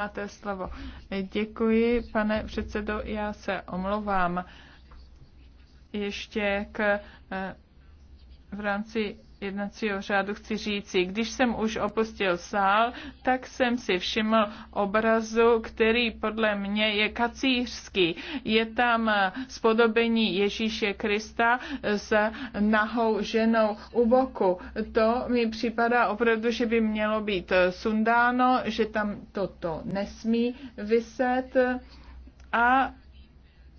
Máte slovo. Děkuji, pane předsedo, já se omlouvám. Ještě k eh, v rámci jednacího řádu chci říci, když jsem už opustil sál, tak jsem si všiml obrazu, který podle mě je kacířský. Je tam eh, spodobení Ježíše Krista s nahou ženou u boku. To mi připadá opravdu, že by mělo být eh, sundáno, že tam toto nesmí vyset eh, a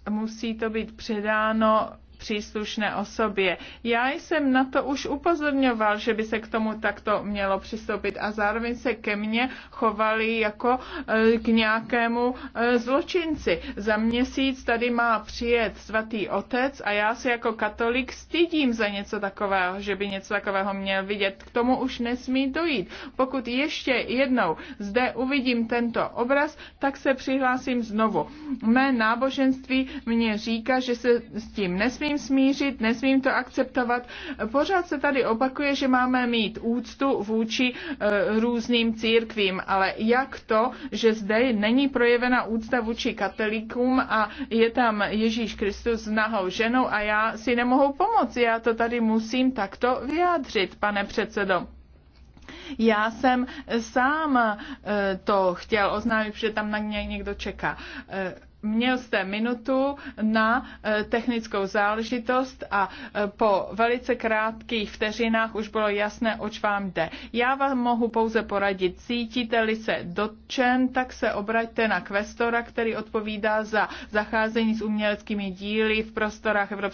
musí to být předáno příslušné osobě. Já jsem na to už upozorňoval, že by se k tomu takto mělo přistoupit a zároveň se ke mně chovali jako e, k nějakému e, zločinci. Za měsíc tady má přijet svatý otec a já se jako katolik stydím za něco takového, že by něco takového měl vidět. K tomu už nesmí dojít. Pokud ještě jednou zde uvidím tento obraz, tak se přihlásím znovu. Mé náboženství mě říká, že se s tím nesmím tím smířit, nesmím to akceptovat. Pořád se tady opakuje, že máme mít úctu vůči eh, různým církvím, ale jak to, že zde není projevena úcta vůči katolikům a je tam Ježíš Kristus s nahou ženou a já si nemohu pomoci, já to tady musím takto vyjádřit, pane předsedo. Já jsem eh, sám eh, to chtěl oznámit, protože tam na mě někdo čeká. Eh, měl jste minutu na technickou záležitost a po velice krátkých vteřinách už bylo jasné, oč vám jde. Já vám mohu pouze poradit, cítíte-li se dotčen, tak se obraťte na kvestora, který odpovídá za zacházení s uměleckými díly v prostorách Evropské